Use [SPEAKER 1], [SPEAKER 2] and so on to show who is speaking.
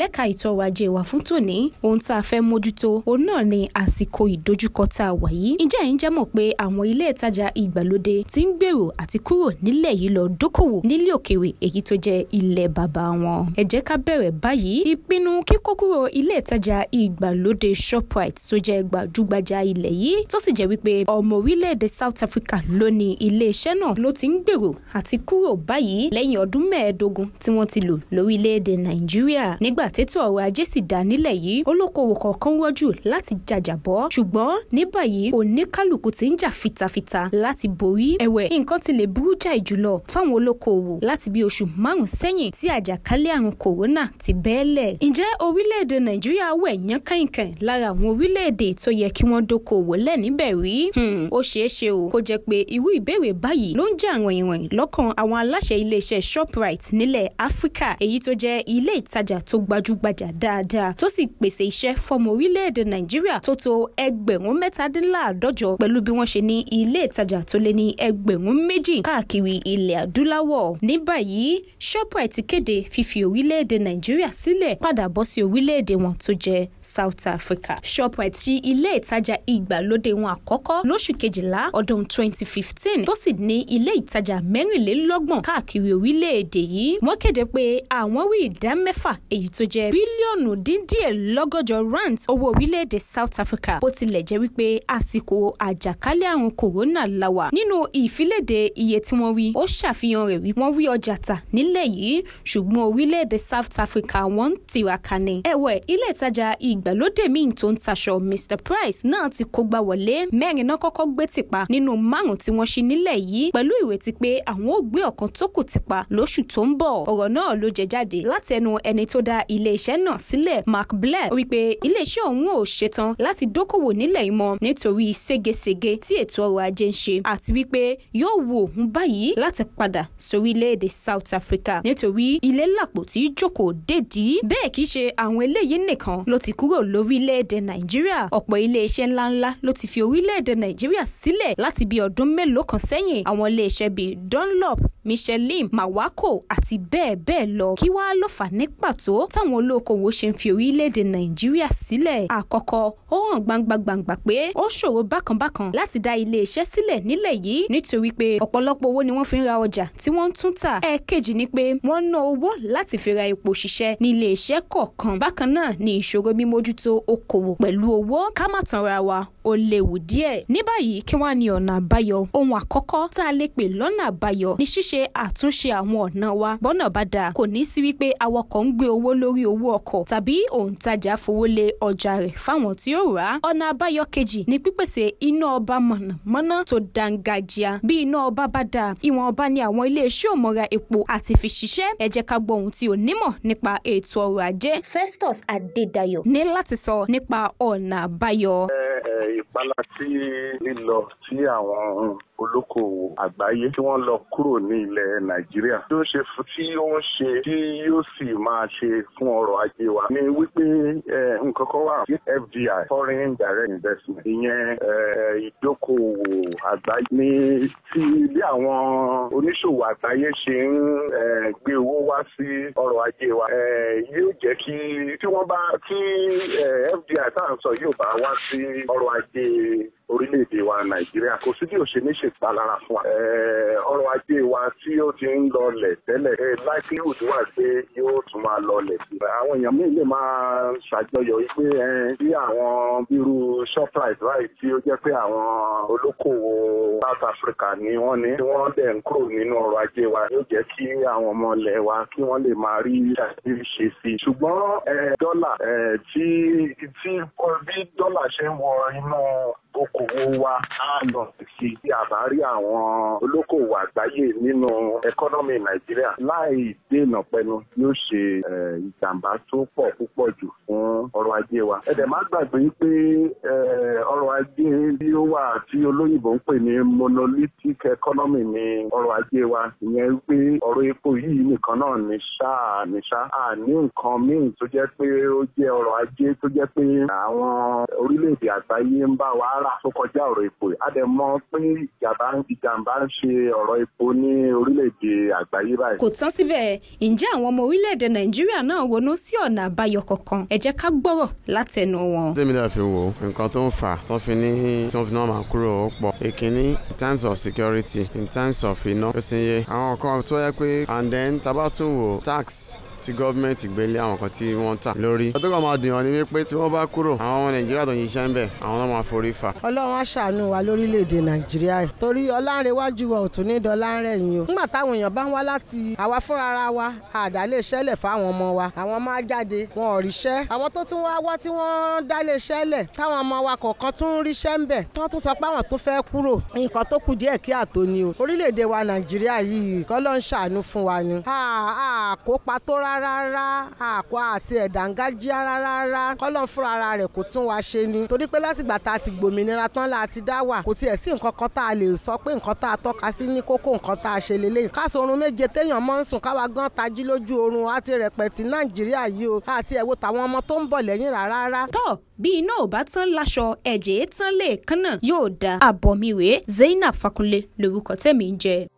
[SPEAKER 1] lẹ́ka ètò ọrọ̀ ajé wa fún tòní ohun tá a fẹ́ mójútó òun náà ni àsìkò ìdojúkọ tá a wà yìí ǹjẹ́ ẹ̀yin jẹ́ mọ̀ pé àwọn ilé ìtajà ìgbàlódé ti ń gbèrò àti kúrò nílẹ̀ yìí lọ dókòwò nílé òkèèrè èyí tó jẹ́ ilẹ̀ bàbá wọn ẹ jẹ́ ká bẹ̀rẹ̀ báyìí ìpinnu kíkó kúrò ilé ìtajà ìgbàlódé Shoprite tó jẹ́ gbajúgbajà ilẹ̀ yìí tó sì jẹ́ wípé ọmọ orílẹ̀-èdè South Africa ló ní iléeṣẹ́ náà ló ti ń gbèrò àti kúrò báyìí lẹ́yìn ọdún mẹ́ẹ̀ẹ́dógún tí wọ́n ti lò lórílẹ̀-èdè Nàìjíríà nígb nígbà tètò ọ̀rọ̀ ajé sì dá nílẹ̀ yìí olókoòwò kọ̀ọ̀kan wọ́jú láti jàjàbọ́ ṣùgbọ́n ní báyìí oníkálukú ti ń jà fitafita láti borí ẹ̀wẹ̀ nǹkan ti lè burú jáì jùlọ fáwọn olókoòwò láti bí oṣù márùn sẹ́yìn tí àjàkálẹ̀ àrùn kòrónà ti bẹ́ẹ̀lẹ̀ ǹjẹ́ orílẹ̀-èdè nàìjíríà wẹ̀ yán kàìnkàìn lára àwọn orílẹ̀-èdè tó yẹ kí wọ́n dókòwò lẹ̀ níbẹ̀ rí hmm, ó ṣeé ṣe o kó jẹ́ pé irú ìbéèrè báyìí ló ń jẹ́ àwọn ìrìn lọ́kàn àwọn aláṣẹ iléeṣẹ́ shoprite nílẹ̀ áfíríkà èyí tó jẹ́ ilé ìtajà tó gb gbajúgbajà dáadáa tó sì pèsè iṣẹ́ fọmọ orílẹ̀-èdè nàìjíríà tó tó ẹgbẹ̀rún mẹ́tàdínláàdọ́jọ pẹ̀lú bí wọ́n ṣe ní ilé ìtajà tó lé ní ẹgbẹ̀rún méjì káàkiri ilẹ̀ adúláwọ̀ ní báyìí shoprite kéde fífi orílẹ̀-èdè nàìjíríà sílẹ̀ padà bọ́ sí orílẹ̀-èdè wọn tó jẹ́ south africa shoprite sí ilé ìtajà ìgbàlódé wọn àkọ́kọ́ lóṣù kejìlá ọdún 2015 tó sì ní ilé ìtajà mẹ́rìnlélọ́gbọ̀n káàkiri orílẹ̀-èdè yìí wọ́n kéde pé àwọn rí ìdá mẹ́fà èyí tó tó jẹ́ bílíọ̀nù dín díẹ̀ lọ́gọ́jọ rand owó orílẹ̀-èdè South Africa bó tilẹ̀ jẹ́ wípé àsìkò àjàkálẹ̀ àrùn kòrónà la wà nínú ìfiléde iye tí wọ́n wí ó ṣàfihàn rẹ̀ wí wọ́n wí ọjà tà nílẹ̀ yìí ṣùgbọ́n orílẹ̀-èdè South Africa wọ́n ń tiraka ni ẹ̀wẹ̀ ilé ìtajà ìgbàlódé míì tó ń taṣọ Mr Price náà ti kógbá wọlé mẹ́rin náà kọ́kọ́ gbé tìpa nínú márùn tí wọ́n ṣí nílẹ̀ yìí pẹ̀lú ìrètí pé àwọn ò gbé ọ̀kan tó kù tìpa lóṣù tó ń bọ̀ ọ̀rọ̀ náà ló jẹ jáde láti ẹni tó dá ilé-iṣẹ́ náà sílẹ̀ Mark Blair wípé ilé-iṣẹ́ òun ò ṣetán láti dókòwò nílẹ̀ ìmọ̀ nítorí ségesège tí ètò ọrọ̀ ajé ń ṣe àti wípé yóò wù òun báyìí láti padà sórílẹ̀-èdè South Africa nítorí ilé làpò tí jókòó dédìí bẹ́ẹ̀ kì í ṣe àwọn eléyìí nìkan ló ti kúrò lórílẹ̀-èdè Nàìjíríà ọ̀pọ̀ ilé-iṣẹ́ ńláńlá ló ti fi orílẹ̀-èdè Nàìjíríà sílẹ̀ láti bí ọdún mélòó kan sẹ́yìn àwọn ilé bíi Dunlop michelin mawako àti bẹ́ẹ̀ bẹ́ẹ̀ lọ kí wàá ló fà ní pàtó táwọn olókoòwò ṣe ń fi orílẹ̀-èdè nàìjíríà sílẹ̀ àkọ́kọ́ ó hàn gbangbangba pé ó ṣòro bákanbákan láti dá ilé-iṣẹ́ sílẹ̀ nílẹ̀ yìí nítorí pé ọ̀pọ̀lọpọ̀ owó ni wọ́n fi ń ra ọjà tí wọ́n ń tún tà ẹ̀ẹ̀kejì ni pé wọ́n ń ná owó láti fi ra epo ṣiṣẹ́ ní ilé-iṣẹ́ kọ̀ọ̀kan bákan náà ni ìṣòro mímójútó okòwò pẹ̀lú owó ká má tanra wa ó léwu díẹ̀ ní báyìí kí wàá ní ọ̀nà àbáyọ ohun àkọ́kọ́ tá a lè pè lọ́nà àbáyọ ní ṣíṣ ṣe àtúnṣe àwọn ọ̀nà wa bọ́nà bá dáa kò ní sí wípé awakọ̀ ń gbé owó lórí owó ọkọ̀ tàbí òǹtajà fowó lé ọjà rẹ̀ fáwọn tí ó rà á ọ̀nà àbáyọ kejì ni pípèsè iná ọba mọ̀nàmọ́ná tó dángájíá bí iná ọba bá dáa ìwọ̀n ọba ni àwọn iléeṣẹ́ òmọ̀ra epo àti fi ṣiṣẹ́ ẹ jẹ́ ká gbọ́ ohun tí onímọ̀ nípa ètò ọrọ̀ ajé Festus Adédayọ̀ ní láti sọ nípa ọ̀nà àbáyọ
[SPEAKER 2] abala tí lílọ tí àwọn olókoòwò àgbáyé tí wọ́n lọ kúrò ní ilẹ̀ nàìjíríà tí ó ṣe tí ó ń ṣe tí yóò sì máa ṣe fún ọrọ̀ ajé wa ni wípé nǹkan kan wà sí fdi foreign direct investment ìyẹn ìdókòòwò àgbáyé ni tí bí àwọn oníṣòwò àgbáyé ṣe ń gbé owó wá sí ọrọ̀ ajé wa yóò jẹ́ kí tí wọ́n bá tí fdi tá à ń sọ yóò bá wá sí ọrọ̀ ajé the orílẹ̀-èdè wa nàìjíríà kò sí bí ó ṣe ní ṣèpalára fún wa. ọrọ̀ ajé wa tí ó ti ń lọlẹ̀ tẹ́lẹ̀ likelihood wà pé yóò tún máa lọlẹ̀ sí. àwọn èèyàn míì lè máa ṣàjọyọ̀ wípé bí àwọn bírú shoprite báyìí tí ó jẹ́ pé àwọn olókòwò south africa ni wọ́n ní tí wọ́n dẹ̀ ń kúrò nínú ọrọ̀ ajé wa yóò jẹ́ kí àwọn ọmọ ilẹ̀ wa kí wọ́n lè máa rí ṣe sí i. ṣùgbọ́n dọ́là tí bí dọ́là ṣe ń wọ inú okòwò wa á lọ sí bí a bá rí àwọn olókòwò àgbáyé nínú ẹkọ́nọ́mì nàìjíríà láì dènà pẹnu yóò ṣe ìjàmbá tó pọ̀ púpọ̀ jù fún ọrọ̀ ajé wa. ẹ̀dẹ̀ má gbàgbé pé ọrọ̀ ajé bí ó wà tí olóyìnbó ń pè ní monolithic economy ni ọrọ̀ ajé wa ìyẹn pé ọ̀rọ̀ epo yìí nìkan náà ní ṣáà ní ṣáà àní nǹkan míì tó jẹ́ pé ó jẹ́ ọrọ̀ ajé tó jẹ́ pé àwọn orílẹ̀-èdè àgbáyé ń bá wa rárá tó kọjá ọ̀rọ̀ epo yìí. a dẹ̀ mọ̀ pé ìjàmbá ń ṣe ọ̀rọ̀ epo ní orílẹ̀-èdè àgbáyé báyìí. kò tán
[SPEAKER 1] síbẹ̀ ǹjẹ́ àwọn ọmọ orílẹ̀-èdè nàìjíríà náà wọnú sí ọ̀nà àbáyọ kankan ẹ jẹ́ ká gbọ́rọ̀ látẹnu wọn.
[SPEAKER 3] tèmi náà fi wo nǹkan tó ń fà tó fi ní tí fi náà máa kúrò ó pọ̀ èkínní in terms of security in terms of iná ó ti yé àwọn kan tó yẹ pé and then tabatun tax tí gọ́ọ̀mẹ̀ntì gbé àwọn kan tí wọ́n tà lórí. ọ̀tọ́ kan máa dùn ọ́ ni wípé tí wọ́n bá kúrò àwọn ọmọ nàìjíríà tó ń ṣiṣẹ́ ń bẹ̀ àwọn náà máa forí fa. ọlọ́run á wa lórílẹ̀‐èdè nàìjíríà yìí torí ọlánrewájú wa ò tún ní dọ́lárẹ̀ yìí o. nígbà táwọn èèyàn bá ń wá láti àwa fúnra wa àdálé iṣẹ́lẹ̀ fáwọn ọmọ wa àwọn máa jáde wọn ò ríṣẹ́ àwọn tó tún wá wá tí wọ́n dálé iṣẹ́lẹ̀ táwọn ọmọ wa kọ̀ọ̀kan tún ríṣẹ́ ń bẹ̀ wọ́n tún sọ pé àwọn tó fẹ́ kúrò nǹkan tó kù díẹ̀ kí àtò ni o orílẹ̀-èdè wa nàìjíríà yìí kọ́ ń ṣàánú fún wa ni. àà àà kópa tó rà rárá àkọ́ àti ẹ̀dàǹgájíá rárá kọ́lọ́n fúnra ara rẹ̀ kò tún wa ṣe ni torí pé látìgbà tá a ti gbòmìnira tán la ti dá wà kò tiẹ̀ sí nǹkan kan tá a lè sọ pé nǹkan tá a tọ́ka sí ní kókó nǹkan tá a ṣe lélẹ́yìn káṣọ orun méje téèyàn mọ́ ń sùn káwa gan tají lójú oorun àti rẹpẹtì nàìjíríà yìí o àti ẹ̀wò tàwọn ọmọ tó ń bọ̀ lẹ́yìn rárá. tó bí iná ò bá tán láṣọ ẹ̀jẹ̀ tán lè kánná yóò da àbọ̀míwèé
[SPEAKER 1] Zainab Fakunle lórúkọ tẹ̀mí ń jẹ.